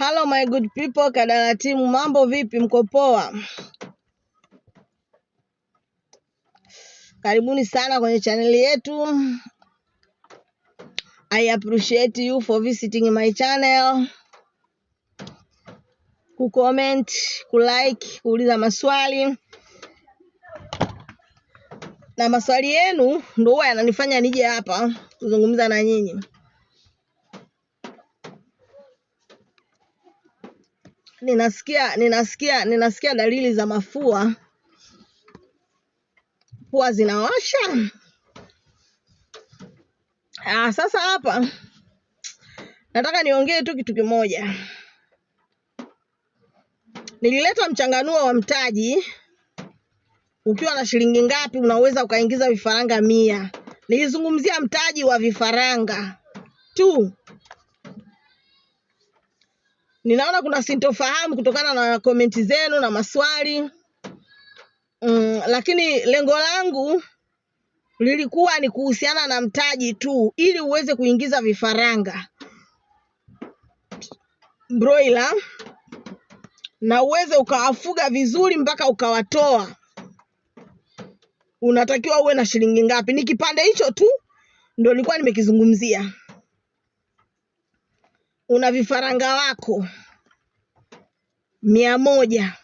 Hello my good people, Kadala timu, mambo vipi? Mko poa? Karibuni sana kwenye chaneli yetu. I appreciate you for visiting my channel, ku like, kuuliza maswali na maswali yenu ndo huwa yananifanya nije hapa kuzungumza na nyinyi. ninasikia ninasikia ninasikia dalili za mafua huwa zinawasha. Ah, sasa hapa nataka niongee tu kitu kimoja. Nilileta mchanganuo wa mtaji, ukiwa na shilingi ngapi unaweza ukaingiza vifaranga mia. Nilizungumzia mtaji wa vifaranga tu Ninaona kuna sintofahamu kutokana na komenti zenu na maswali mm, lakini lengo langu lilikuwa ni kuhusiana na mtaji tu, ili uweze kuingiza vifaranga broiler na uweze ukawafuga vizuri mpaka ukawatoa, unatakiwa uwe na shilingi ngapi? Ni kipande hicho tu ndo nilikuwa nimekizungumzia una vifaranga wako mia moja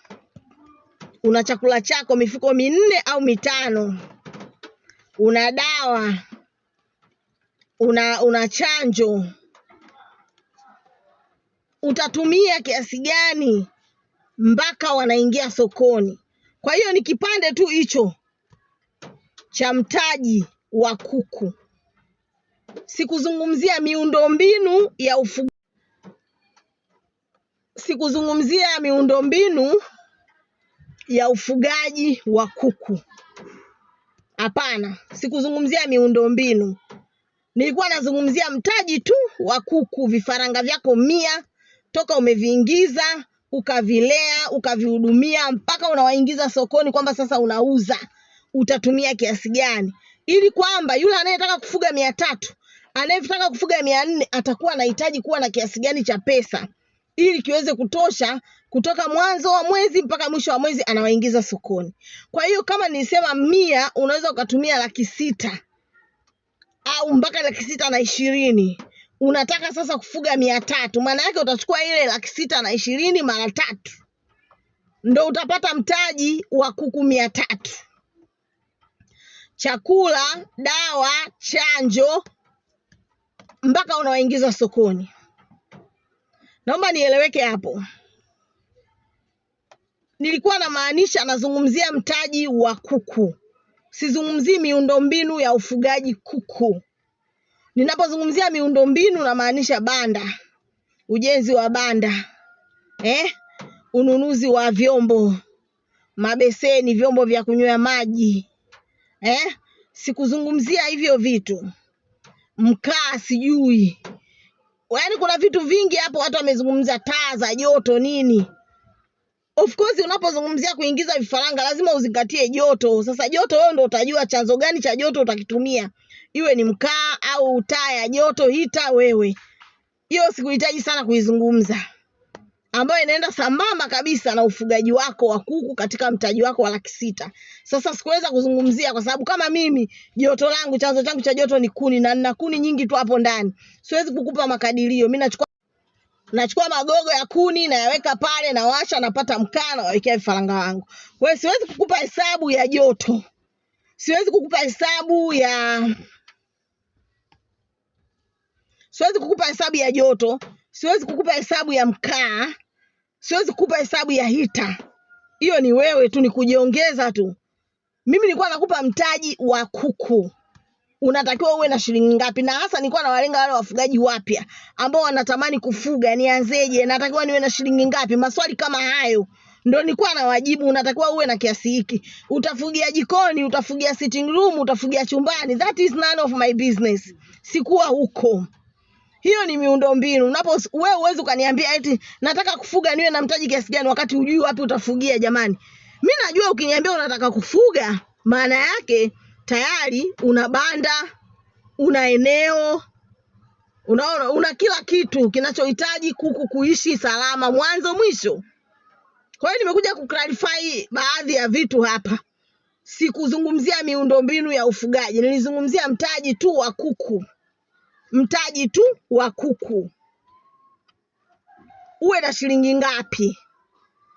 una chakula chako mifuko minne au mitano, una dawa, una una chanjo, utatumia kiasi gani mpaka wanaingia sokoni? Kwa hiyo ni kipande tu hicho cha mtaji wa kuku, sikuzungumzia miundombinu ya ufugaji sikuzungumzia miundombinu ya ufugaji wa kuku. Hapana, sikuzungumzia miundombinu, nilikuwa nazungumzia mtaji tu wa kuku. Vifaranga vyako mia toka umeviingiza ukavilea ukavihudumia mpaka unawaingiza sokoni, kwamba sasa unauza, utatumia kiasi gani, ili kwamba yule anayetaka kufuga mia tatu anayetaka kufuga mia nne atakuwa anahitaji kuwa na kiasi gani cha pesa ili kiweze kutosha kutoka mwanzo wa mwezi mpaka mwisho wa mwezi anawaingiza sokoni. Kwa hiyo kama nilisema mia, unaweza ukatumia laki sita au mpaka laki sita na ishirini. Unataka sasa kufuga mia tatu, maana yake utachukua ile laki sita na ishirini mara tatu, ndo utapata mtaji wa kuku mia tatu. Chakula, dawa, chanjo mpaka unawaingiza sokoni. Naomba nieleweke hapo, nilikuwa namaanisha, anazungumzia mtaji wa kuku, sizungumzii miundombinu ya ufugaji kuku. Ninapozungumzia miundombinu namaanisha banda, ujenzi wa banda eh? ununuzi wa vyombo, mabeseni, vyombo vya kunywea maji eh? Sikuzungumzia hivyo vitu, mkaa sijui yaani kuna vitu vingi hapo, watu wamezungumza taa za joto nini. Of course unapozungumzia kuingiza vifaranga lazima uzingatie joto. Sasa joto wewe ndo utajua chanzo gani cha joto utakitumia, iwe ni mkaa au taa ya joto, hita wewe. Hiyo sikuhitaji sana kuizungumza ambayo inaenda sambamba kabisa na ufugaji wako wa kuku katika mtaji wako wa laki sita. Sasa sikuweza kuzungumzia kwa sababu kama mimi joto langu, chanzo changu cha joto ni kuni na nina kuni nyingi tu hapo ndani, siwezi kukupa makadirio. Mimi nachukua nachukua magogo ya kuni na yaweka pale, na washa napata mkaa, nawawekea vifaranga wangu. Kwa hiyo siwezi kukupa hesabu ya joto, siwezi kukupa hesabu ya siwezi kukupa hesabu ya joto, siwezi kukupa hesabu ya mkaa, siwezi kukupa hesabu ya hita hiyo, ni wewe tu, ni kujiongeza tu. Mimi nilikuwa nakupa mtaji wa kuku, unatakiwa uwe na shilingi ngapi? Na hasa nilikuwa nawalenga wale wafugaji wapya ambao wanatamani kufuga, nianzeje? Natakiwa niwe na shilingi ngapi? Maswali kama hayo ndo nilikuwa na wajibu, unatakiwa uwe na kiasi hiki. Utafugia jikoni, utafugia sitting room, utafugia chumbani, that is none of my business. Sikuwa huko hiyo ni miundombinu. Unapo wewe uweze ukaniambia eti nataka kufuga niwe na mtaji kiasi gani wakati hujui wapi utafugia jamani. mi najua ukiniambia unataka kufuga maana yake tayari una banda, una eneo, unaona una kila kitu kinachohitaji kuku kuishi salama mwanzo mwisho. Kwa hiyo nimekuja kuclarify baadhi ya vitu hapa. Sikuzungumzia miundombinu ya ufugaji, nilizungumzia mtaji tu wa kuku mtaji tu wa kuku, uwe na shilingi ngapi?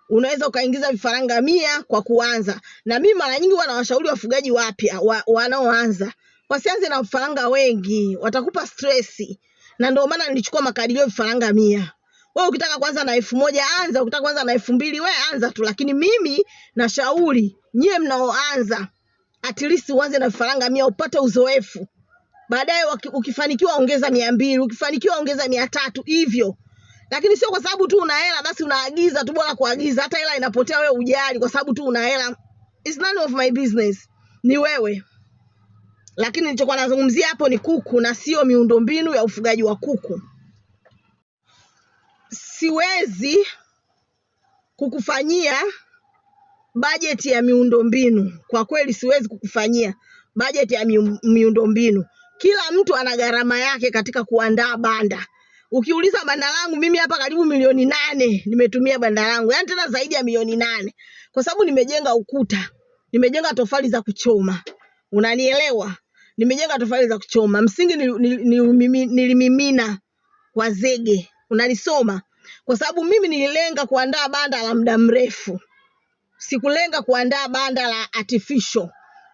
Unaweza ukaingiza vifaranga mia kwa kuanza. Na mimi mara nyingi huwa nawashauri wafugaji wapya wa, wanaoanza wasianze na vifaranga wengi, watakupa stresi, na ndio maana nilichukua makadirio vifaranga mia. Wewe ukitaka kwanza na elfu moja anza, ukitaka kwanza na elfu mbili wewe anza tu, lakini mimi nashauri nyie mnaoanza at least uanze na vifaranga mia upate uzoefu baadaye ukifanikiwa ongeza mia mbili, ukifanikiwa ongeza mia tatu hivyo lakini sio kwa sababu tu una hela basi unaagiza tu, bora kuagiza. Hata hela inapotea, wewe ujali kwa sababu tu una hela, it's none of my business, ni wewe. Lakini nilichokuwa nazungumzia hapo ni kuku na sio miundombinu ya ufugaji wa kuku. Siwezi kukufanyia bajeti ya miundombinu, kwa kweli siwezi kukufanyia bajeti ya miundombinu. Kila mtu ana gharama yake katika kuandaa banda. Ukiuliza banda langu mimi hapa karibu milioni nane nimetumia banda langu, yaani tena zaidi ya milioni nane kwa sababu nimejenga ukuta, nimejenga tofali za kuchoma, unanielewa? Nimejenga tofali za kuchoma, msingi nilimimina kwa zege, unanisoma? Kwa sababu mimi nililenga kuandaa banda la muda mrefu, sikulenga kuandaa banda la artificial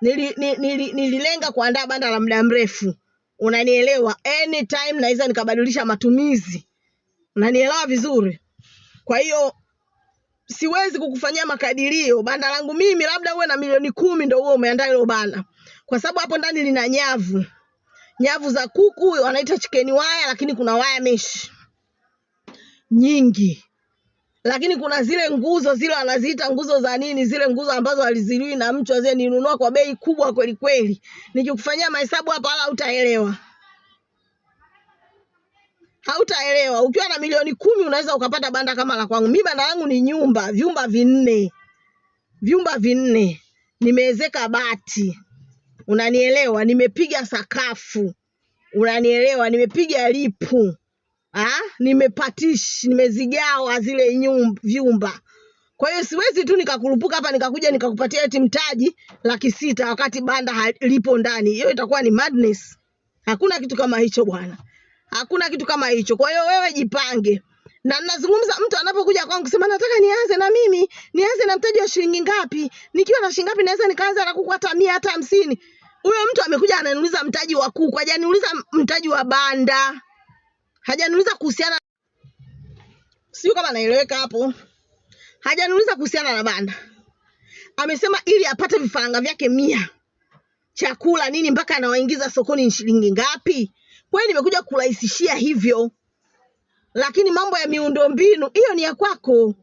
nililenga nili, nili kuandaa banda la muda mrefu, unanielewa? Anytime naweza nikabadilisha matumizi, unanielewa vizuri. Kwa hiyo siwezi kukufanyia makadirio banda langu mimi, labda uwe na milioni kumi ndo uwe umeandaa hilo banda, kwa sababu hapo ndani lina nyavu, nyavu za kuku wanaita chicken waya, lakini kuna waya mesh nyingi lakini kuna zile nguzo zile wanaziita nguzo za nini, zile nguzo ambazo aliziliwi na mtu wazee, ninunua kwa bei kubwa kweli kweli. Nikikufanyia mahesabu hapa, wala hautaelewa, hautaelewa. Ukiwa na milioni kumi unaweza ukapata banda kama la kwangu. Mimi banda langu ni nyumba, vyumba vinne, vyumba vinne, nimeezeka bati, unanielewa? Nimepiga sakafu, unanielewa? Nimepiga lipu ah, nimepatish nimezigawa zile nyumba, vyumba. Kwa hiyo siwezi tu nikakurupuka hapa nikakuja nikakupatia eti mtaji laki sita wakati banda lipo ndani. Hiyo itakuwa ni madness. Hakuna kitu kama hicho bwana, hakuna kitu kama hicho. Kwa hiyo wewe jipange na nazungumza mtu anapokuja kwangu kusema nataka nianze na mimi nianze na mtaji wa shilingi ngapi? Nikiwa na shilingi ngapi naweza nikaanza na kuku hata mia hata hamsini? Huyo mtu amekuja ananiuliza mtaji wa kuku, hajaniuliza mtaji wa banda hajaniuliza kuhusiana, sio kama naeleweka hapo. Hajaniuliza kuhusiana na banda, amesema ili apate vifaranga vyake mia chakula nini mpaka anawaingiza sokoni shilingi ngapi? Kwa hiyo nimekuja kurahisishia hivyo, lakini mambo ya miundombinu hiyo ni ya kwako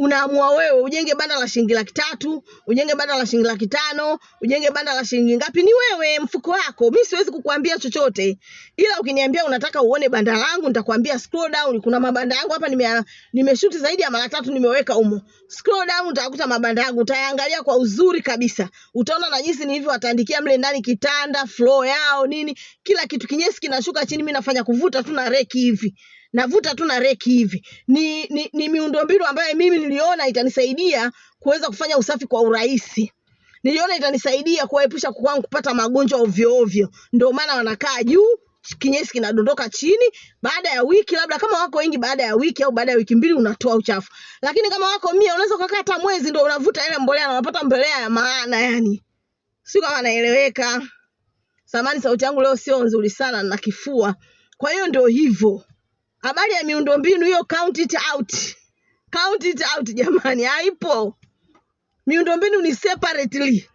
unaamua wewe ujenge banda la shilingi laki tatu, ujenge banda la shilingi laki tano, ujenge banda la shilingi ngapi, ni wewe mfuko wako. Mimi siwezi kukuambia chochote, ila ukiniambia unataka uone banda langu, nitakwambia scroll down, kuna mabanda yangu hapa, nime nimeshoot zaidi ya mara tatu, nimeweka humo. Scroll down, utakuta mabanda yangu, utayaangalia kwa uzuri kabisa, utaona na jinsi nilivyowatandikia mle ndani kitanda, floor yao nini, kila kitu. Kinyesi kinashuka chini, mimi nafanya kuvuta tu na reki hivi navuta tu na reki hivi. Ni, ni, ni miundombinu ambayo mimi niliona itanisaidia kuweza kufanya usafi kwa urahisi niliona itanisaidia kuwaepusha kwangu kupata magonjwa ovyo ovyo. Ndio maana wanakaa juu, kinyesi kinadondoka chini. Baada ya wiki labda, kama wako wengi, baada ya wiki au baada ya wiki mbili unatoa uchafu, lakini kama wako mia, unaweza ukakaa hata mwezi ndio unavuta ile mbolea na unapata mbolea ya maana. Yani si kama naeleweka. Samani, sauti yangu leo sio nzuri sana na kifua, kwa hiyo ndio hivyo. Habari ya miundombinu hiyo, count it out, count it out jamani, haipo. Miundombinu ni separately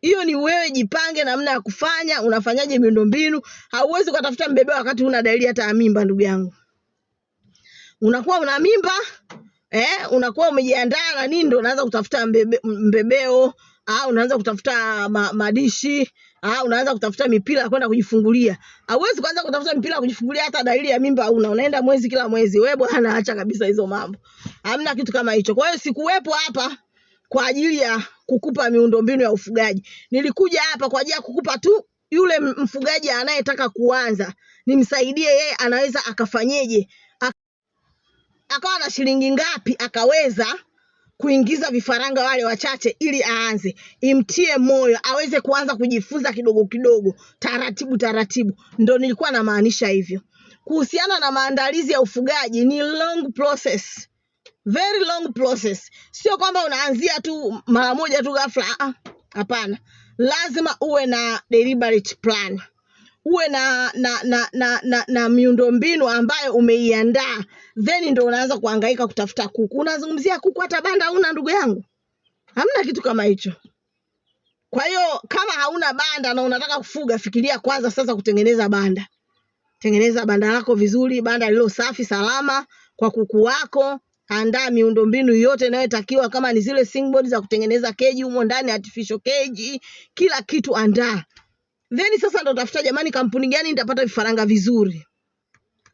hiyo ni wewe jipange namna ya kufanya, unafanyaje miundombinu. Hauwezi kutafuta mbebe wakati una dalili hata ya mimba, ndugu yangu. Unakuwa una mimba eh, unakuwa umejiandaa na nini, ndo unaanza kutafuta mbebe, mbebeo au unaanza kutafuta ma, madishi Ah, unaanza kutafuta mipira kwenda kujifungulia. Hauwezi kuanza kutafuta mipira kujifungulia hata dalili ya mimba una Unaenda mwezi kila mwezi. Wewe bwana acha kabisa hizo mambo. Hamna kitu kama hicho. Kwa hiyo sikuwepo hapa kwa ajili ya kukupa miundombinu ya ufugaji. Nilikuja hapa kwa ajili ya kukupa tu yule mfugaji anayetaka kuanza, nimsaidie yeye anaweza akafanyeje, akawa na shilingi ngapi akaweza kuingiza vifaranga wale wachache ili aanze, imtie moyo aweze kuanza kujifunza kidogo kidogo, taratibu taratibu. Ndo nilikuwa namaanisha hivyo. Kuhusiana na maandalizi ya ufugaji ni long process, very long process. Sio kwamba unaanzia tu mara moja tu ghafla, ah, ah, hapana. Lazima uwe na deliberate plan uwe na na na na, na, na miundombinu ambayo umeiandaa, then ndo unaanza kuhangaika kutafuta kuku. Unazungumzia kuku, hata banda una ndugu yangu, hamna kitu kama hicho. Kwa hiyo kama hauna banda na unataka kufuga, fikiria kwanza sasa kutengeneza banda. Tengeneza banda lako vizuri, banda lilo safi salama kwa kuku wako. Andaa miundombinu yote inayotakiwa, kama ni zile singboard za kutengeneza keji humo ndani, artificial keji, kila kitu andaa. Then sasa ndo tafuta jamani, kampuni gani nitapata vifaranga vizuri,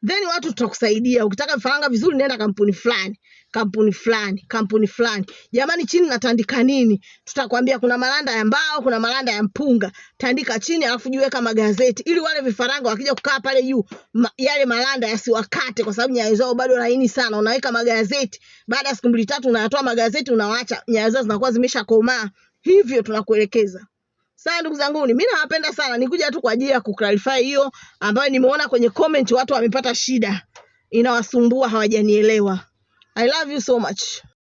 then watu tutakusaidia. Ukitaka vifaranga vizuri, nenda kampuni fulani, kampuni fulani, kampuni fulani. Jamani, chini natandika nini? Tutakwambia kuna maranda ya mbao, kuna maranda ya mpunga, tandika chini, alafu jiweka magazeti, ili wale vifaranga wakija kukaa pale juu, ma, yale maranda yasiwakate, kwa sababu nyayo zao bado laini sana. Unaweka magazeti, baada ya siku mbili tatu unayatoa magazeti, unawaacha nyayo zao zinakuwa zimeshakomaa. Hivyo tunakuelekeza. Sasa ndugu zangu, mimi nawapenda sana, nikuja tu kwa ajili ya kuclarify hiyo ambayo nimeona kwenye comment watu wamepata shida, inawasumbua hawajanielewa. I love you so much.